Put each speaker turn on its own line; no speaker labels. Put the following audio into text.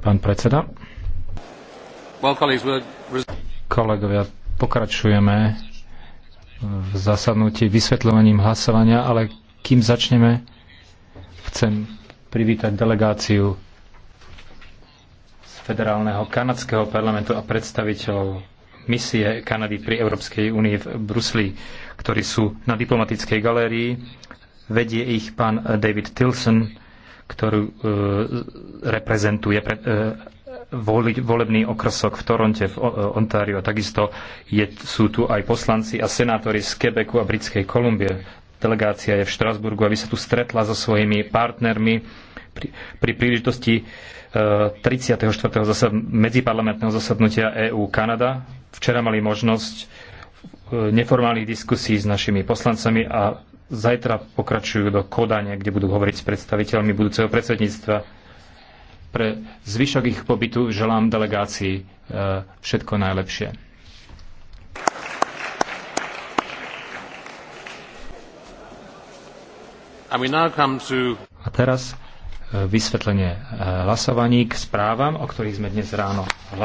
Pán predseda. Kolegovia, pokračujeme v zasadnutí vysvetľovaním hlasovania, ale kým začneme,
chcem privítať delegáciu z federálneho
kanadského parlamentu a predstaviteľov misie Kanady pri Európskej únii v Brusli, ktorí sú na diplomatickej galérii. Vedie ich pán David Tilson, ktorú e, reprezentuje e, volebný okrsok v Toronte, v e, Ontáriu. A takisto je, sú tu aj poslanci a senátori z Quebecu a Britskej Kolumbie. Delegácia je v Štrasburgu, aby sa tu stretla so svojimi partnermi pri, pri príležitosti 34. Zasad, medziparlamentného zasadnutia EÚ-Kanada. Včera mali možnosť neformálnych diskusí s našimi poslancami a Zajtra pokračujú do Kodania, kde budú hovoriť s predstaviteľmi budúceho predsedníctva. Pre zvyšok ich pobytu želám delegácii e, všetko najlepšie.
A
teraz e, vysvetlenie e, hlasovaní k správam, o ktorých sme dnes ráno hlasovali.